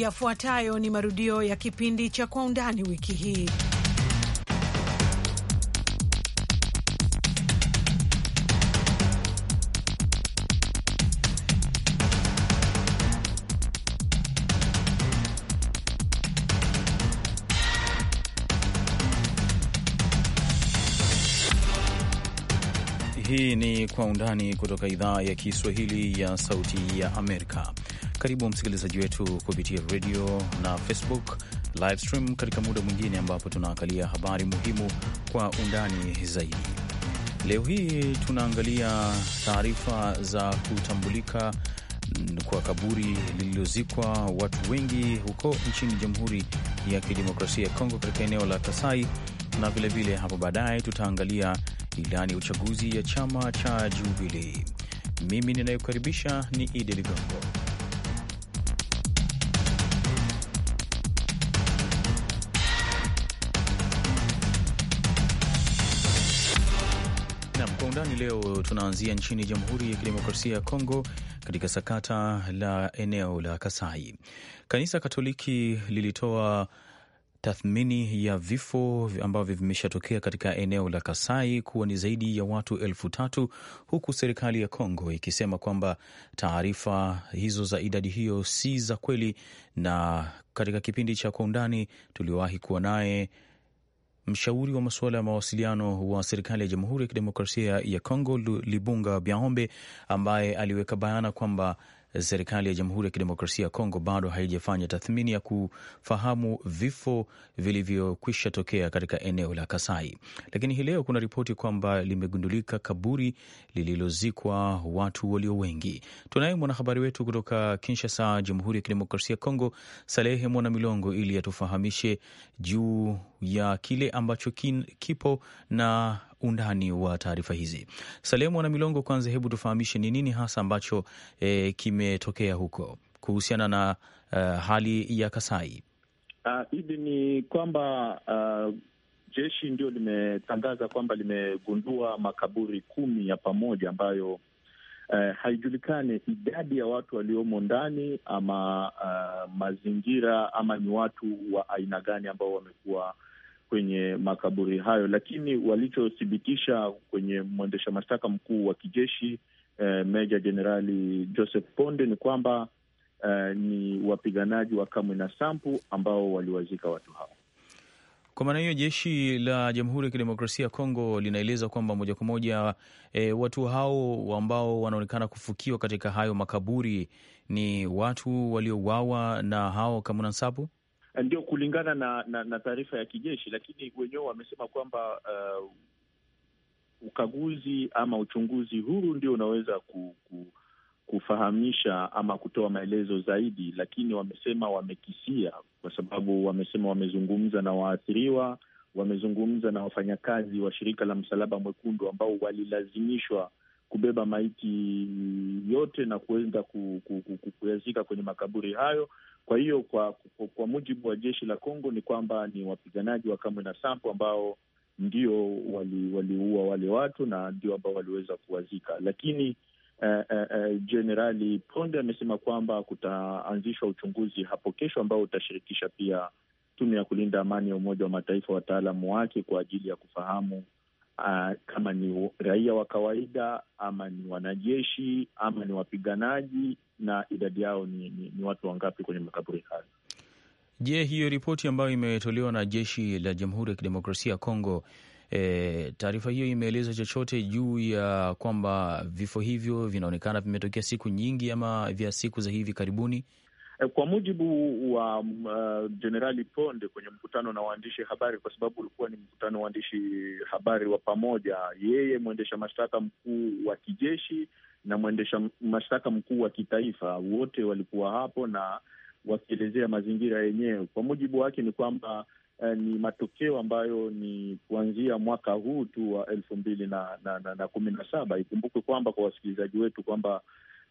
Yafuatayo ni marudio ya kipindi cha Kwa Undani wiki hii. Hii ni Kwa Undani kutoka idhaa ya Kiswahili ya Sauti ya Amerika. Karibu msikilizaji wetu kupitia radio na Facebook live stream katika muda mwingine ambapo tunaangalia habari muhimu kwa undani zaidi. Leo hii tunaangalia taarifa za kutambulika kwa kaburi lililozikwa watu wengi huko nchini Jamhuri ya Kidemokrasia ya Kongo katika eneo la Kasai, na vilevile hapo baadaye tutaangalia ilani ya uchaguzi ya chama cha Jubilii. Mimi ninayekukaribisha ni Idi Ligongo. undani leo tunaanzia nchini Jamhuri ya Kidemokrasia ya Kongo katika sakata la eneo la Kasai. Kanisa Katoliki lilitoa tathmini ya vifo ambavyo vimeshatokea katika eneo la Kasai kuwa ni zaidi ya watu elfu tatu huku serikali ya Kongo ikisema kwamba taarifa hizo za idadi hiyo si za kweli. Na katika kipindi cha Kwa Undani tuliowahi kuwa naye mshauri wa masuala ya mawasiliano wa serikali ya Jamhuri ya Kidemokrasia ya Kongo Libunga Biaombe, ambaye aliweka bayana kwamba serikali ya Jamhuri ya Kidemokrasia ya Kongo bado haijafanya tathmini ya kufahamu vifo vilivyokwisha tokea katika eneo la Kasai, lakini hii leo kuna ripoti kwamba limegundulika kaburi lililozikwa watu walio wengi. Tunaye mwanahabari wetu kutoka Kinshasa, Jamhuri ya Kidemokrasia ya Kongo, Salehe Mwana Milongo, ili atufahamishe juu ya kile ambacho kin, kipo na undani wa taarifa hizi. salemu ana Milongo, kwanza hebu tufahamishe ni nini hasa ambacho e, kimetokea huko kuhusiana na uh, hali ya Kasai. Uh, ni kwamba uh, jeshi ndio limetangaza kwamba limegundua makaburi kumi ya pamoja ambayo Uh, haijulikani idadi ya watu waliomo ndani ama uh, mazingira ama ni watu wa aina gani ambao wamekuwa kwenye makaburi hayo, lakini walichothibitisha kwenye mwendesha mashtaka mkuu wa kijeshi eh, meja jenerali Joseph Ponde ni kwamba eh, ni wapiganaji wa Kamwina Sampu ambao waliwazika watu hao. Kwa maana hiyo jeshi la Jamhuri ya Kidemokrasia ya Kongo linaeleza kwamba moja kwa moja e, watu hao ambao wanaonekana kufukiwa katika hayo makaburi ni watu waliouawa na hao Kamwina Nsapu ndio kulingana na, na, na taarifa ya kijeshi, lakini wenyewe wamesema kwamba uh, ukaguzi ama uchunguzi huru ndio unaweza ku, ku, kufahamisha ama kutoa maelezo zaidi, lakini wamesema wamekisia, kwa sababu wamesema wamezungumza na waathiriwa, wamezungumza na wafanyakazi wa shirika la Msalaba Mwekundu ambao walilazimishwa kubeba maiti yote na kuenda ku, ku, ku, kuyazika kwenye makaburi hayo kwa hiyo kwa, kwa, kwa mujibu wa jeshi la Kongo ni kwamba ni wapiganaji wa Kamwina Nsapu ambao ndio waliua wali wale watu na ndio ambao waliweza kuwazika, lakini Jenerali eh, eh, eh, uh, uh, Ponde amesema kwamba kutaanzishwa uchunguzi hapo kesho ambao utashirikisha pia tume ya kulinda amani ya Umoja wa Mataifa, wataalamu wake kwa ajili ya kufahamu uh, kama ni raia wa kawaida ama ni wanajeshi ama ni wapiganaji na idadi yao ni, ni, ni watu wangapi kwenye makaburi hayo. Je, hiyo ripoti ambayo imetolewa na jeshi la Jamhuri ya Kidemokrasia ya Kongo, e, taarifa hiyo imeeleza chochote juu ya kwamba vifo hivyo vinaonekana vimetokea siku nyingi ama vya siku za hivi karibuni? Eh, kwa mujibu wa uh, mm, eh, Jenerali Ponde kwenye mkutano na waandishi habari, kwa sababu ulikuwa ni mkutano wa waandishi habari wa pamoja, yeye mwendesha mashtaka mkuu wa kijeshi na mwendesha mashtaka mkuu wa kitaifa wote walikuwa hapo na wakielezea mazingira yenyewe. Kwa mujibu wake ni kwamba eh, ni matokeo ambayo ni kuanzia mwaka huu tu wa elfu mbili na, na, na, na kumi na saba. Ikumbukwe kwamba kwa wasikilizaji wetu kwamba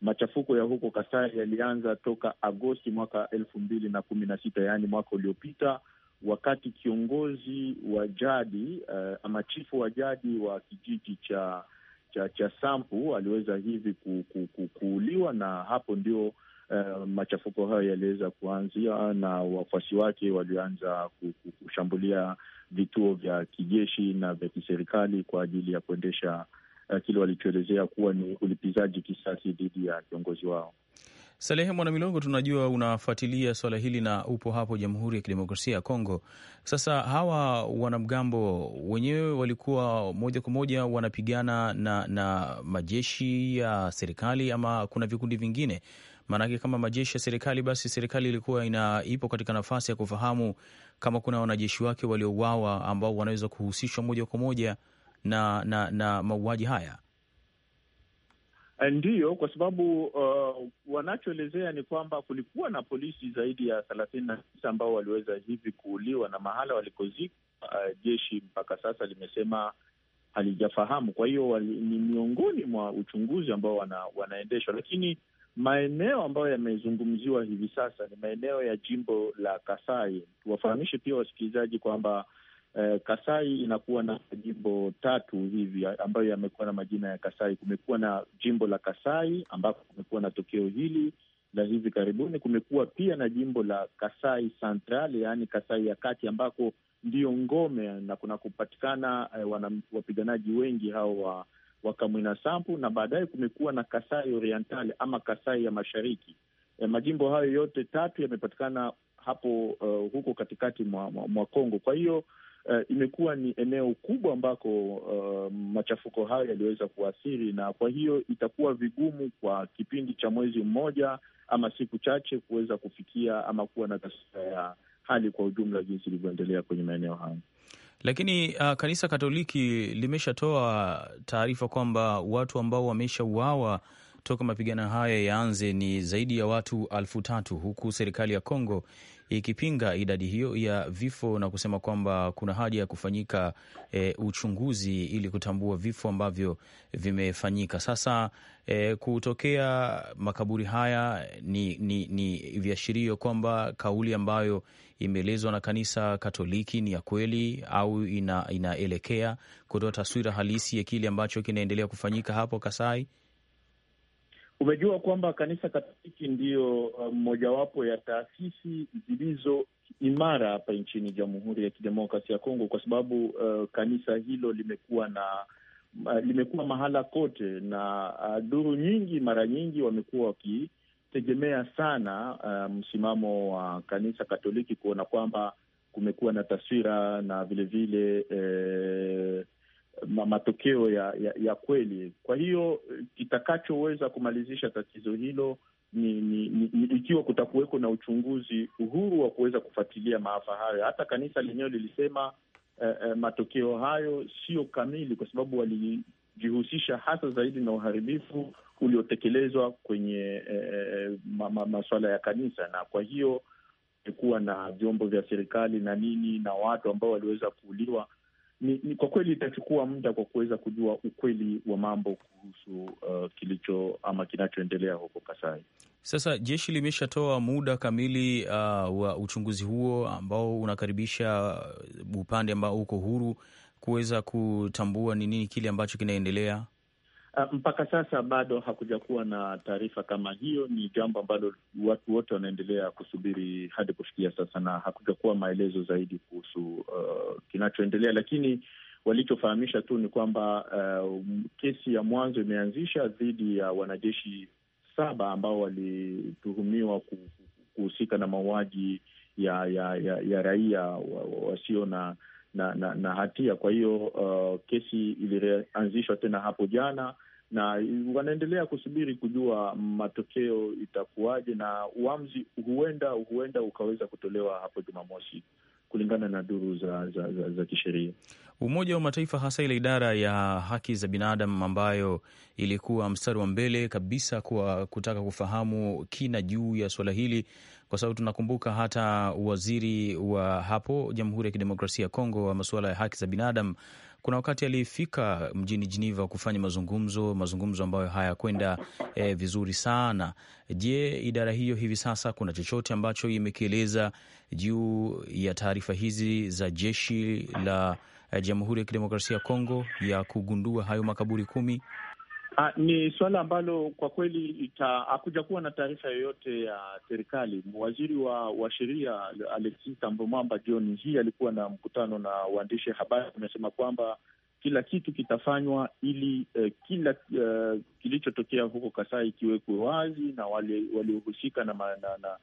Machafuko ya huko Kasai yalianza toka Agosti mwaka elfu mbili na kumi na sita yaani mwaka uliopita, wakati kiongozi wa jadi uh, ama chifu wa jadi wa kijiji cha cha, cha Sampu aliweza hivi ku, ku, ku, kuuliwa, na hapo ndio uh, machafuko hayo yaliweza kuanzia na wafuasi wake walianza kushambulia vituo vya kijeshi na vya kiserikali kwa ajili ya kuendesha uh, kile walichoelezea kuwa ni ulipizaji kisasi dhidi ya viongozi wao. Salehe Mwanamilongo, tunajua unafuatilia swala hili na upo hapo Jamhuri ya Kidemokrasia ya Kongo. Sasa hawa wanamgambo wenyewe walikuwa moja kwa moja wanapigana na, na majeshi ya serikali ama kuna vikundi vingine? Maanake kama majeshi ya serikali, basi serikali ilikuwa ina ipo katika nafasi ya kufahamu kama kuna wanajeshi wake waliouawa ambao wanaweza kuhusishwa moja kwa moja na, na, na mauaji haya? Eh, ndiyo, kwa sababu uh, wanachoelezea ni kwamba kulikuwa na polisi zaidi ya thelathini na tisa ambao waliweza hivi kuuliwa na mahala walikozikwa, uh, jeshi mpaka sasa limesema halijafahamu. Kwa hiyo ni miongoni mwa uchunguzi ambao wana, wanaendeshwa, lakini maeneo ambayo yamezungumziwa hivi sasa ni maeneo ya jimbo la Kasai. Tuwafahamishe pia wasikilizaji kwamba eh, Kasai inakuwa na majimbo tatu hivi ambayo yamekuwa na majina ya Kasai. Kumekuwa na jimbo la Kasai ambapo kumekuwa na tokeo hili la hivi karibuni. Kumekuwa pia na jimbo la Kasai Central, yaani Kasai ya kati ambako ndiyo ngome na kuna kupatikana eh, wana, wapiganaji wengi hao wa Wakamwina Sampu, na baadaye kumekuwa na Kasai Oriental ama Kasai ya mashariki. Eh, majimbo hayo yote tatu yamepatikana hapo uh, huko katikati mwa, mwa, mwa Kongo. Kwa hiyo uh, imekuwa ni eneo kubwa ambako uh, machafuko hayo yaliweza kuathiri, na kwa hiyo itakuwa vigumu kwa kipindi cha mwezi mmoja ama siku chache kuweza kufikia ama kuwa na taswira ya hali kwa ujumla jinsi ilivyoendelea kwenye maeneo hayo. Lakini uh, kanisa Katoliki limeshatoa taarifa kwamba watu ambao wameshauawa toka mapigano haya yaanze ni zaidi ya watu alfu tatu huku serikali ya Kongo ikipinga idadi hiyo ya vifo na kusema kwamba kuna haja ya kufanyika e, uchunguzi ili kutambua vifo ambavyo vimefanyika. Sasa e, kutokea makaburi haya ni, ni, ni viashirio kwamba kauli ambayo imeelezwa na kanisa Katoliki ni ya kweli au ina, inaelekea kutoa taswira halisi ya kile ambacho kinaendelea kufanyika hapo Kasai? Umejua kwamba kanisa Katoliki ndiyo uh, mojawapo um, ya taasisi zilizo imara hapa nchini Jamhuri ya Kidemokrasia ya Kongo kwa sababu uh, kanisa hilo limekuwa na uh, limekuwa mahala kote na uh, duru nyingi mara nyingi wamekuwa wakitegemea sana uh, msimamo um, wa kanisa Katoliki kuona kwamba kumekuwa na taswira na vilevile vile, eh, matokeo ya, ya, ya kweli. Kwa hiyo kitakachoweza kumalizisha tatizo hilo ni, ni, ni, ni ikiwa kutakuweko na uchunguzi uhuru wa kuweza kufuatilia maafa hayo. Hata kanisa lenyewe lilisema eh, eh, matokeo hayo sio kamili kwa sababu walijihusisha hasa zaidi na uharibifu uliotekelezwa kwenye eh, ma, ma, masuala ya kanisa, na kwa hiyo kuwa na vyombo vya serikali na nini na watu ambao waliweza kuuliwa ni, ni kwa kweli itachukua muda kwa kuweza kujua ukweli wa mambo kuhusu uh, kilicho ama kinachoendelea huko Kasai. Sasa jeshi limeshatoa muda kamili uh, wa uchunguzi huo ambao unakaribisha uh, upande ambao uko huru kuweza kutambua ni nini kile ambacho kinaendelea. Uh, mpaka sasa bado hakuja kuwa na taarifa kama hiyo. Ni jambo ambalo watu wote wanaendelea kusubiri hadi kufikia sasa, na hakuja kuwa maelezo zaidi kuhusu uh, kinachoendelea, lakini walichofahamisha tu ni kwamba uh, kesi ya mwanzo imeanzisha dhidi ya wanajeshi saba ambao walituhumiwa kuhusika na mauaji ya ya, ya ya raia wasio na na, na na hatia. Kwa hiyo uh, kesi ilianzishwa tena hapo jana na wanaendelea kusubiri kujua matokeo itakuwaje, na uamuzi huenda huenda ukaweza kutolewa hapo Jumamosi kulingana na duru za, za, za, za kisheria. Umoja wa Mataifa, hasa ile idara ya haki za binadamu ambayo ilikuwa mstari wa mbele kabisa kwa kutaka kufahamu kina juu ya suala hili, kwa sababu tunakumbuka hata waziri wa hapo Jamhuri ya Kidemokrasia ya Kongo wa masuala ya haki za binadamu kuna wakati aliyefika mjini Geneva kufanya mazungumzo, mazungumzo ambayo hayakwenda eh, vizuri sana. Je, idara hiyo hivi sasa kuna chochote ambacho imekieleza juu ya taarifa hizi za jeshi la eh, Jamhuri ya Kidemokrasia ya Kongo ya kugundua hayo makaburi kumi? Ha, ah, ni suala ambalo kwa kweli hakuja kuwa na taarifa yoyote ya serikali. Waziri wa, wa sheria Alexis Thambwe Mwamba jioni hii alikuwa na mkutano na waandishi habari, amesema kwamba kila kitu kitafanywa ili eh, kila eh, kilichotokea huko Kasai kiwekwe wazi na wale waliohusika na, na, na,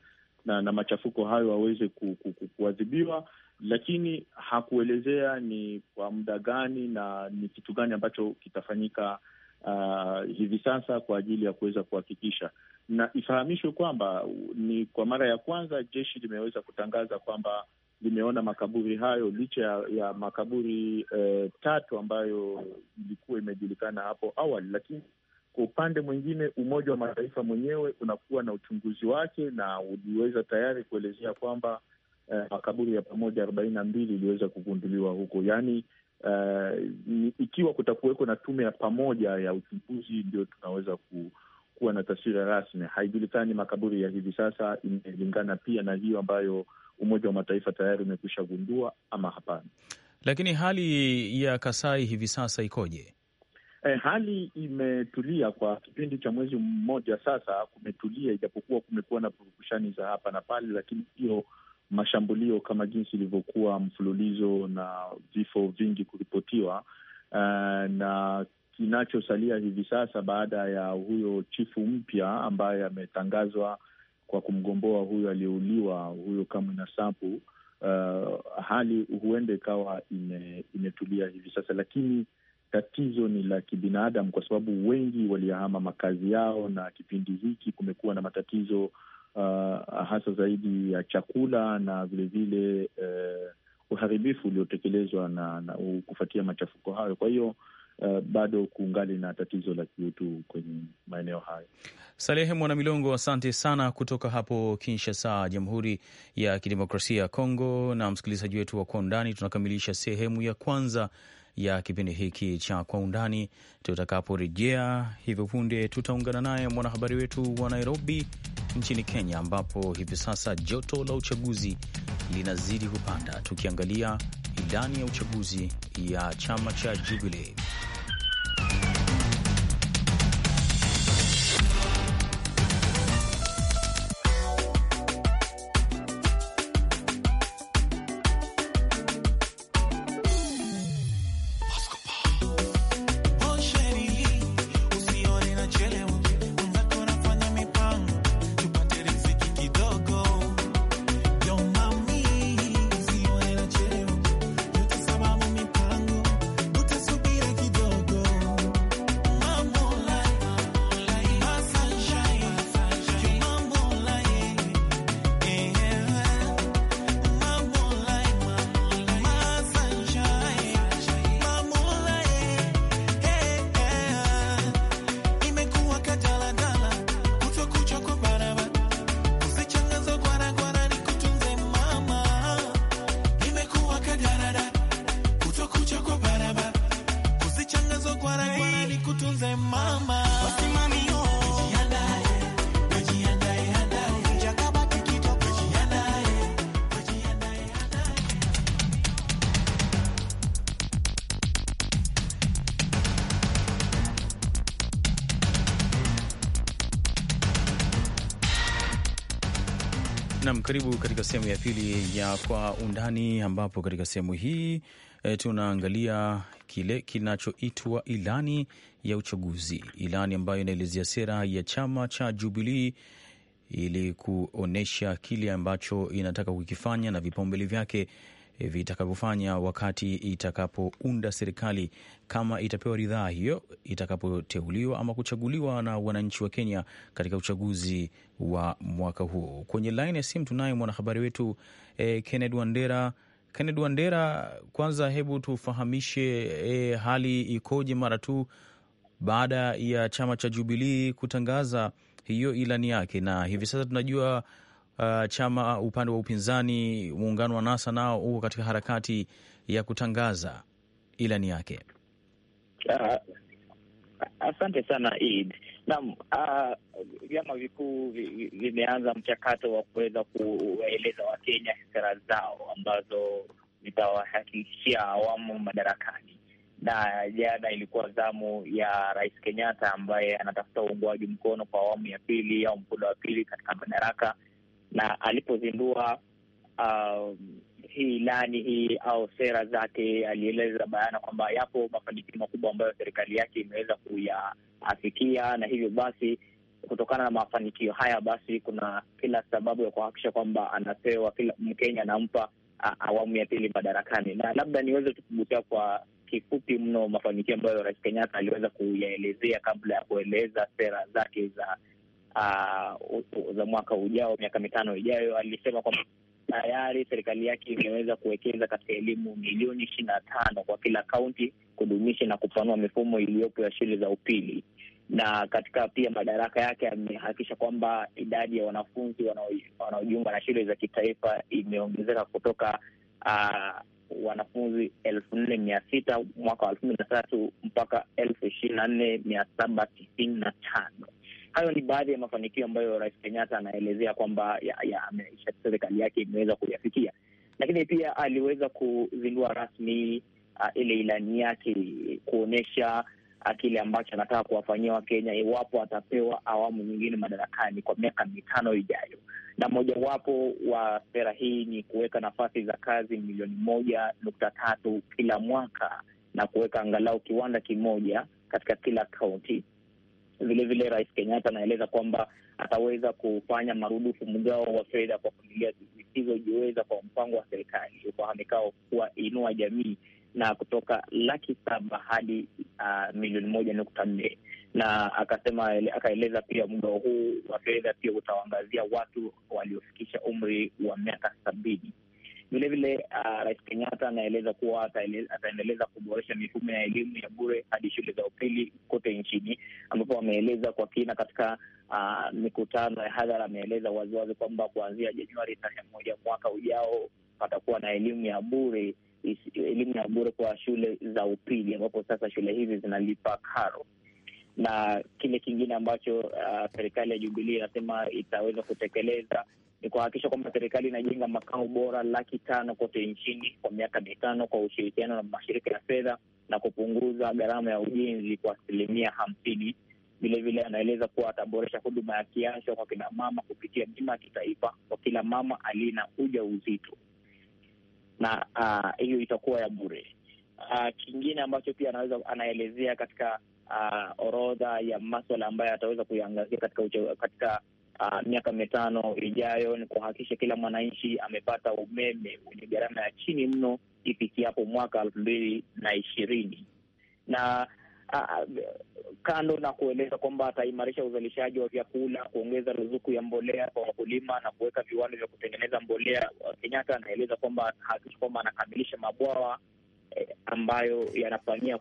na, na machafuko hayo waweze ku, ku, ku, kuadhibiwa lakini hakuelezea ni kwa muda gani na ni kitu gani ambacho kitafanyika uh, hivi sasa kwa ajili ya kuweza kuhakikisha, na ifahamishwe kwamba ni kwa mara ya kwanza jeshi limeweza kutangaza kwamba limeona makaburi hayo licha ya, ya makaburi eh, tatu ambayo ilikuwa imejulikana hapo awali. Lakini kwa upande mwingine, Umoja wa Mataifa mwenyewe unakuwa na uchunguzi wake na uliweza tayari kuelezea kwamba eh, makaburi ya pamoja arobaini na mbili iliweza kugunduliwa huko, yaani uh, ikiwa kutakuweko na tume ya pamoja ya uchunguzi, ndio tunaweza ku, kuwa na taswira rasmi. Haijulikani makaburi ya hivi sasa imelingana pia na hiyo ambayo Umoja wa Mataifa tayari umekwisha gundua ama hapana. Lakini hali ya Kasai hivi sasa ikoje? Eh, hali imetulia kwa kipindi cha mwezi mmoja sasa, kumetulia, ijapokuwa kumekuwa na purukushani za hapa na pale, lakini hiyo mashambulio kama jinsi ilivyokuwa mfululizo na vifo vingi kuripotiwa. Uh, na kinachosalia hivi sasa baada ya huyo chifu mpya ambaye ametangazwa kwa kumgomboa huyo aliyeuliwa huyo na sapu uh, eh, hali huenda ikawa ime, imetulia hivi sasa, lakini tatizo ni la kibinadamu, kwa sababu wengi waliyahama makazi yao, na kipindi hiki kumekuwa na matatizo uh, hasa zaidi ya chakula na vilevile uh, uharibifu uliotekelezwa na, na kufuatia machafuko hayo. Kwa hiyo uh, bado kuungali na tatizo la kiutu kwenye maeneo hayo. Salehe milongo asante sana kutoka hapo Kinshasa, Jamhuri ya Kidemokrasia ya Kongo. Na msikilizaji wetu wa Kwa Undani, tunakamilisha sehemu ya kwanza ya kipindi hiki cha Kwa Undani. Tutakaporejea hivyo punde, tutaungana naye mwanahabari wetu wa Nairobi nchini Kenya, ambapo hivi sasa joto la uchaguzi linazidi kupanda, tukiangalia idani ya uchaguzi ya chama cha Jubilee. karibu katika sehemu ya pili ya Kwa Undani, ambapo katika sehemu hii e, tunaangalia kile kinachoitwa ilani ya uchaguzi, ilani ambayo inaelezea sera ya chama cha Jubilii ili kuonyesha kile ambacho inataka kukifanya na vipaumbele vyake vitakavyofanya wakati itakapounda serikali, kama itapewa ridhaa hiyo, itakapoteuliwa ama kuchaguliwa na wananchi wa Kenya katika uchaguzi wa mwaka huu. Kwenye laini ya simu tunaye mwanahabari wetu eh, Kenneth Wandera. Kenneth Wandera, kwanza hebu tufahamishe eh, hali ikoje mara tu baada ya chama cha Jubilii kutangaza hiyo ilani yake, na hivi sasa tunajua uh, chama uh, upande wa upinzani muungano wa NASA nao huko katika harakati ya kutangaza ilani yake. Uh, asante sana Eid. Naam, uh, vyama uh, vikuu vimeanza mchakato wa kuweza kuwaeleza Wakenya sera zao ambazo zitawahakikishia awamu madarakani na jana ilikuwa zamu ya Rais Kenyatta ambaye anatafuta uungwaji mkono kwa awamu ya pili au mkondo wa pili katika madaraka, na alipozindua um, hii ilani hii au sera zake, alieleza bayana kwamba yapo mafanikio makubwa ambayo serikali yake imeweza kuyafikia, na hivyo basi kutokana na mafanikio haya, basi kuna kila sababu ya kuhakikisha kwamba anapewa kila Mkenya anampa awamu ya pili madarakani, na labda niweze tukubutia kwa kifupi mno mafanikio ambayo Rais Kenyatta aliweza kuyaelezea kabla ya kueleza sera zake za uh, za mwaka ujao, miaka mitano ijayo. Alisema kwamba tayari serikali yake imeweza kuwekeza katika elimu milioni ishirini na tano kwa kila kaunti kudumisha na kupanua mifumo iliyopo ya shule za upili na katika pia madaraka yake amehakikisha kwamba idadi ya wanafunzi wanaojiunga na shule za kitaifa imeongezeka kutoka uh, wanafunzi elfu nne mia sita mwaka wa elfu mbili na tatu mpaka elfu ishirini na nne mia saba tisini na tano. Hayo ni baadhi ya mafanikio ambayo Rais Kenyatta anaelezea kwamba ya, ya, serikali yake imeweza kuyafikia, lakini pia aliweza kuzindua rasmi uh, ile ilani yake kuonyesha uh, kile ambacho anataka kuwafanyia Wakenya iwapo atapewa awamu nyingine madarakani kwa miaka mitano ijayo, na mojawapo wa sera hii ni kuweka nafasi za kazi milioni moja nukta tatu kila mwaka na kuweka angalau kiwanda kimoja katika kila kaunti Vilevile Rais Kenyatta anaeleza kwamba ataweza kufanya marudufu mgao wa fedha kwa familia zisizojiweza kwa mpango wa serikali ufahamikao kuwa Inua Jamii na kutoka laki saba hadi uh, milioni moja nukta nne na akasema, akaeleza pia mgao huu wa fedha pia utawaangazia watu waliofikisha umri wa miaka sabini vile Uh, Rais Kenyatta anaeleza kuwa ataendeleza kuboresha mifumo ya elimu ya bure hadi shule za upili kote nchini, ambapo ameeleza kwa kina katika uh, mikutano ya hadhara. Ameeleza waziwazi kwamba kuanzia Januari tarehe moja mwaka ujao patakuwa na elimu ya bure elimu ya bure kwa shule za upili, ambapo sasa shule hizi zinalipa karo na kile kingine ambacho ah, serikali uh, ya Jubilii inasema itaweza kutekeleza ni kuhakikisha kwamba serikali inajenga makao bora laki tano kote nchini kwa miaka mitano kwa ushirikiano na mashirika ya fedha na kupunguza gharama ya ujenzi kwa asilimia hamsini. Vilevile anaeleza kuwa ataboresha huduma ya kiafya kwa kina mama kupitia bima ya kitaifa kwa kila mama aliye na uja uzito, na hiyo uh, itakuwa ya bure. Uh, kingine ambacho pia anaweza anaelezea katika uh, orodha ya maswala ambayo ataweza kuiangazia katika, katika uh, miaka mitano ijayo ni kuhakikisha kila mwananchi amepata umeme wenye gharama ya chini mno ifikiapo mwaka elfu mbili na ishirini na Uh, kando na kueleza kwamba ataimarisha uzalishaji wa vyakula, kuongeza ruzuku ya mbolea kwa wakulima na kuweka viwanda vya kutengeneza mbolea, Kenyatta anaeleza kwamba hakikisha kwamba anakamilisha mabwawa eh, ambayo yanafanyia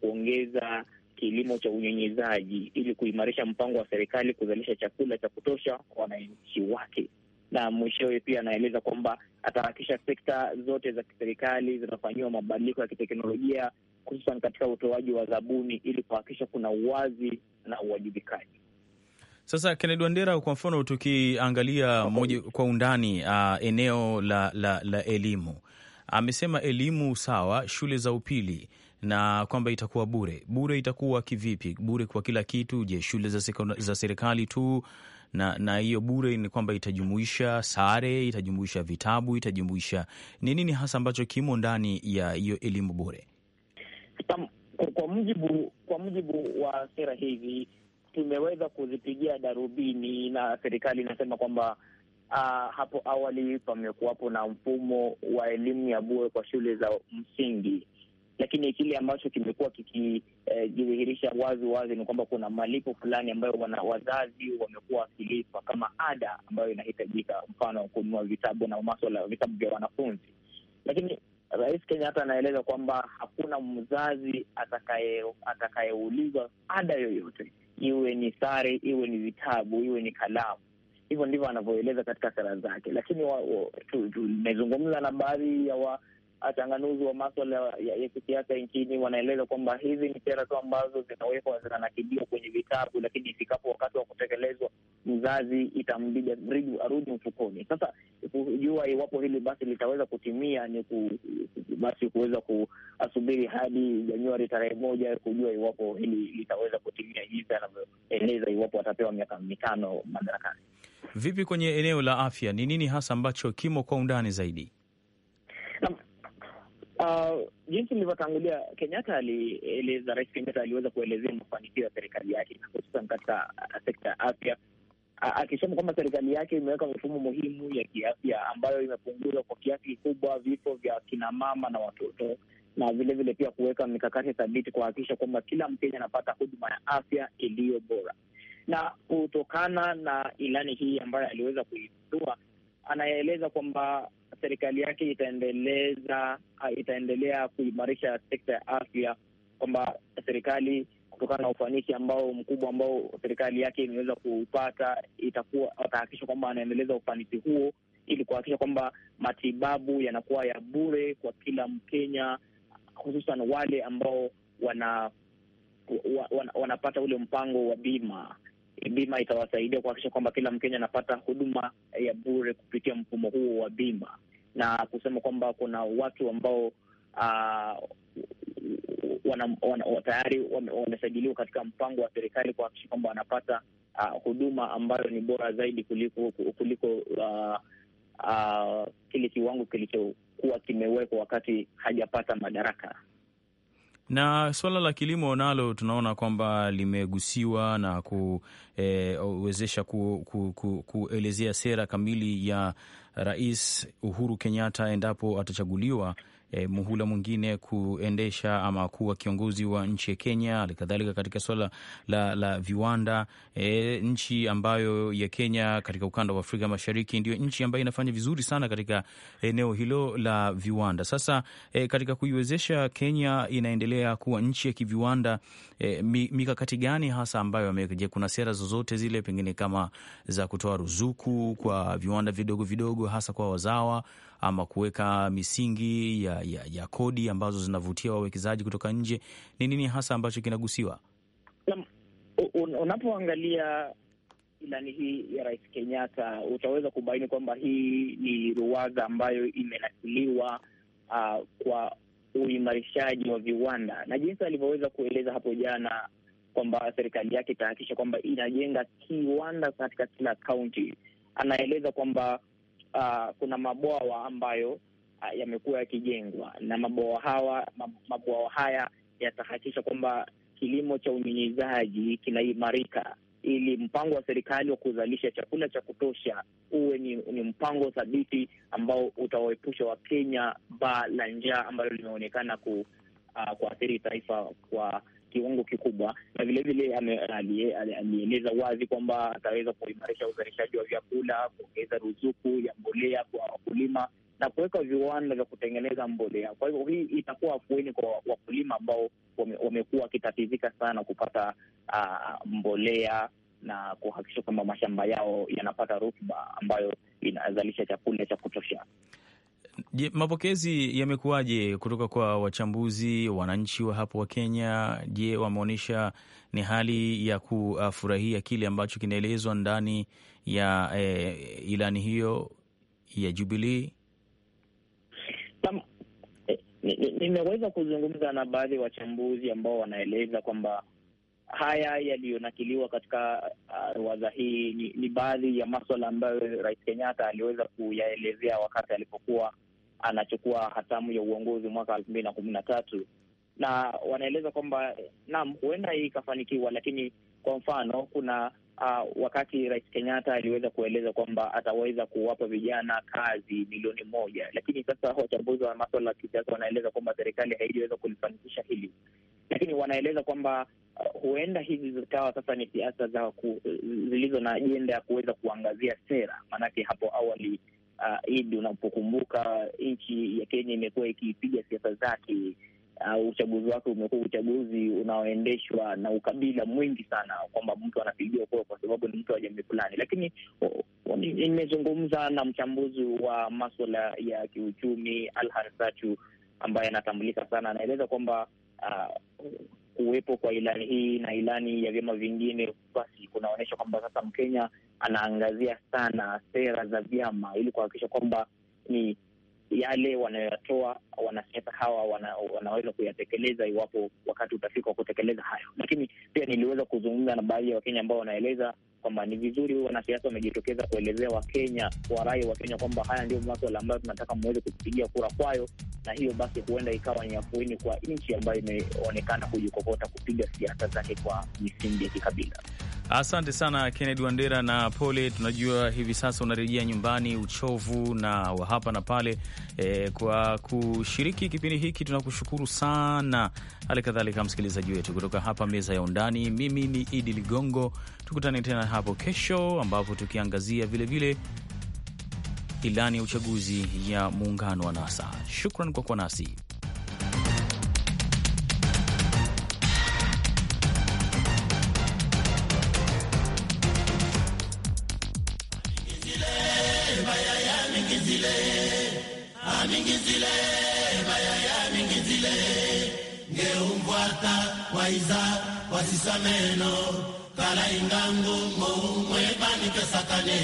kuongeza kilimo cha unyenyezaji ili kuimarisha mpango wa serikali kuzalisha chakula cha kutosha kwa wananchi wake. Na mwishowe pia anaeleza kwamba atahakikisha sekta zote za kiserikali zinafanyiwa mabadiliko ya kiteknolojia hususan katika utoaji wa zabuni ili kuhakikisha kuna uwazi na uwajibikaji. Sasa Kennedy Wandera, kwa mfano tukiangalia moja kwa undani uh, eneo la, la, la elimu amesema elimu sawa, shule za upili na kwamba itakuwa bure. Bure itakuwa kivipi? Bure kwa kila kitu? Je, shule za, za serikali tu? na na hiyo bure ni kwamba itajumuisha sare, itajumuisha vitabu, itajumuisha ni nini hasa ambacho kimo ndani ya hiyo elimu bure? Kwa mujibu kwa mujibu wa sera hizi tumeweza kuzipigia darubini, na serikali inasema kwamba uh, hapo awali pamekuwapo na mfumo wa elimu ya bure kwa shule za msingi lakini kile ambacho kimekuwa kikijidhihirisha wazi wazi ni kwamba kuna malipo fulani ambayo wana wazazi wamekuwa wakilipa kama ada ambayo inahitajika, mfano kununua vitabu na maswala vitabu vya wanafunzi. Lakini Rais Kenyatta anaeleza kwamba hakuna mzazi atakayeulizwa ada yoyote, iwe ni sare, iwe ni vitabu, iwe ni kalamu. Hivyo ndivyo anavyoeleza katika sera zake, lakini tumezungumza na baadhi ya wa, wachanganuzi wa maswala ya, ya kisiasa nchini wanaeleza kwamba hizi ni sera tu ambazo zinawekwa zinanakidiwa kwenye vitabu, lakini ifikapo wakati wa kutekelezwa mzazi itambidi arudi mfukoni. Sasa kujua iwapo hili basi litaweza kutimia ni ku, basi kuweza kuasubiri hadi Januari tarehe moja kujua iwapo hili litaweza kutimia jinsi anavyoeleza, iwapo atapewa miaka mitano madarakani. Vipi kwenye eneo la afya, ni nini hasa ambacho kimo kwa undani zaidi? Uh, jinsi nilivyotangulia, Kenyatta alieleza, Rais Kenyatta aliweza kuelezea mafanikio ya serikali yake hususan katika uh, sekta ya afya, uh, akisema kwamba serikali yake imeweka mifumo muhimu ya kiafya ambayo imepunguza kwa kiasi kikubwa vifo vya kinamama na watoto na vilevile vile pia kuweka mikakati thabiti kuhakikisha kwamba kila Mkenya anapata huduma ya afya iliyo bora. Na kutokana na ilani hii ambayo aliweza kuizindua, anaeleza kwamba serikali yake itaendeleza itaendelea kuimarisha sekta ya afya, kwamba serikali kutokana na ufanisi ambao mkubwa ambao serikali yake imeweza kuupata, itakuwa atahakikisha kwamba anaendeleza ufanisi huo ili kuhakikisha kwamba matibabu yanakuwa ya bure kwa kila Mkenya, hususan wale ambao wana wana, wana ule mpango wa bima bima itawasaidia kuhakikisha kwamba kila Mkenya anapata huduma ya bure kupitia mfumo huo wa bima, na kusema kwamba kuna watu ambao uh, tayari wamesajiliwa katika mpango wa serikali kuhakikisha kwamba wanapata uh, huduma ambayo ni bora zaidi kuliko kuliko uh, uh, kile kiwango kilichokuwa kimewekwa wakati hajapata madaraka. Na suala la kilimo nalo tunaona kwamba limegusiwa na kuwezesha eh, e, ku, ku, ku, kuelezea sera kamili ya Rais Uhuru Kenyatta endapo atachaguliwa e, muhula mwingine kuendesha ama kuwa kiongozi wa nchi ya Kenya, halikadhalika katika swala la, la viwanda e, nchi ambayo ya Kenya katika ukanda wa Afrika Mashariki ndio nchi ambayo inafanya vizuri sana katika eneo hilo la viwanda. Sasa e, katika kuiwezesha Kenya inaendelea kuwa nchi ya kiviwanda, e, mikakati gani hasa ambayo ameweka? Je, kuna sera zozote zile pengine kama za kutoa ruzuku kwa viwanda vidogo vidogo hasa kwa wazawa ama kuweka misingi ya, ya, ya kodi ambazo zinavutia wawekezaji kutoka nje? Ni nini hasa ambacho kinagusiwa? Unapoangalia ilani hii ya Rais Kenyatta utaweza kubaini kwamba hii ni ruwaza ambayo imenakiliwa uh, kwa uimarishaji wa viwanda na jinsi alivyoweza kueleza hapo jana kwamba serikali yake itahakikisha kwamba inajenga kiwanda katika kila kaunti. Anaeleza kwamba uh, kuna mabwawa ambayo uh, yamekuwa yakijengwa na mabwawa hawa mabwawa haya yatahakikisha kwamba kilimo cha unyunyizaji kinaimarika ili mpango wa serikali wa kuzalisha chakula cha kutosha uwe ni, ni mpango thabiti ambao utawaepusha Wakenya baa la njaa ambalo limeonekana ku, uh, kuathiri taifa kwa kiwango kikubwa, na vilevile alieleza wazi kwamba ataweza kuimarisha uzalishaji wa vyakula, kuongeza ruzuku ya mbolea kwa wakulima na kuweka viwanda vya kutengeneza mbolea. Kwa hivyo hii itakuwa afueni kwa wakulima ambao wamekuwa wakitatizika sana kupata uh, mbolea na kuhakikisha kwamba mashamba yao yanapata rutuba ambayo inazalisha chakula cha kutosha. Je, mapokezi yamekuwaje kutoka kwa wachambuzi, wananchi wa hapo wa Kenya? Je, wameonyesha ni hali ya kufurahia kile ambacho kinaelezwa ndani ya eh, ilani hiyo ya Jubilii? Eh, nimeweza kuzungumza na baadhi ya wachambuzi ambao wanaeleza kwamba haya yaliyonakiliwa katika uh, ruwaza uh, hii ni, ni baadhi ya maswala ambayo Rais Kenyatta aliweza kuyaelezea wakati alipokuwa anachukua hatamu ya uongozi mwaka elfu mbili na kumi na tatu na wanaeleza kwamba naam, huenda hii ikafanikiwa, lakini kwa mfano kuna uh, wakati Rais Kenyatta aliweza kueleza kwamba ataweza kuwapa vijana kazi milioni moja, lakini sasa wachambuzi wa maswala ya kisiasa wanaeleza kwamba serikali haijaweza kulifanikisha hili, lakini wanaeleza kwamba uh, huenda hizi zikawa sasa ni siasa za ku, zilizo na ajenda ya kuweza kuangazia sera, maanake hapo awali uh, Idi, unapokumbuka nchi ya Kenya imekuwa ikipiga siasa zake uh, uchaguzi wake umekuwa uchaguzi unaoendeshwa na ukabila mwingi sana, kwamba mtu anapigiwa kura kwa sababu ni mtu wa jamii fulani. Lakini nimezungumza na mchambuzi wa maswala ya kiuchumi Alhansachu ambaye anatambulika sana, anaeleza kwamba uh, kuwepo kwa ilani hii na ilani ya vyama vingine basi kunaonyesha kwamba sasa Mkenya anaangazia sana sera za vyama ili kuhakikisha kwamba ni yale wanayoyatoa wanasiasa hawa wana, wanaweza kuyatekeleza iwapo wakati utafika wa kutekeleza hayo. Lakini pia niliweza kuzungumza na baadhi ya Wakenya ambao wanaeleza kwamba ni vizuri wanasiasa wamejitokeza kuelezea Wakenya, wa Kenya kwamba haya ndio maswala ambayo tunataka mweze kupigia kura kwayo, na hiyo basi huenda ikawa ni afueni kwa nchi ambayo imeonekana kujikokota kupiga siasa zake kwa misingi ya kikabila. Asante sana Kennedy Wandera na pole, tunajua hivi sasa unarejea nyumbani uchovu na hapa na pale. E, kwa kushiriki kipindi hiki tunakushukuru sana. Hali kadhalika msikilizaji wetu kutoka hapa meza ya undani, mimi ni Idi Ligongo, tukutane tena hapo kesho, ambapo tukiangazia vilevile ilani ya uchaguzi ya muungano wa NASA. Shukran kwa kuwa nasi. Ngeumbwata waiza wasisameno kala ingangu mo mwebani kesakane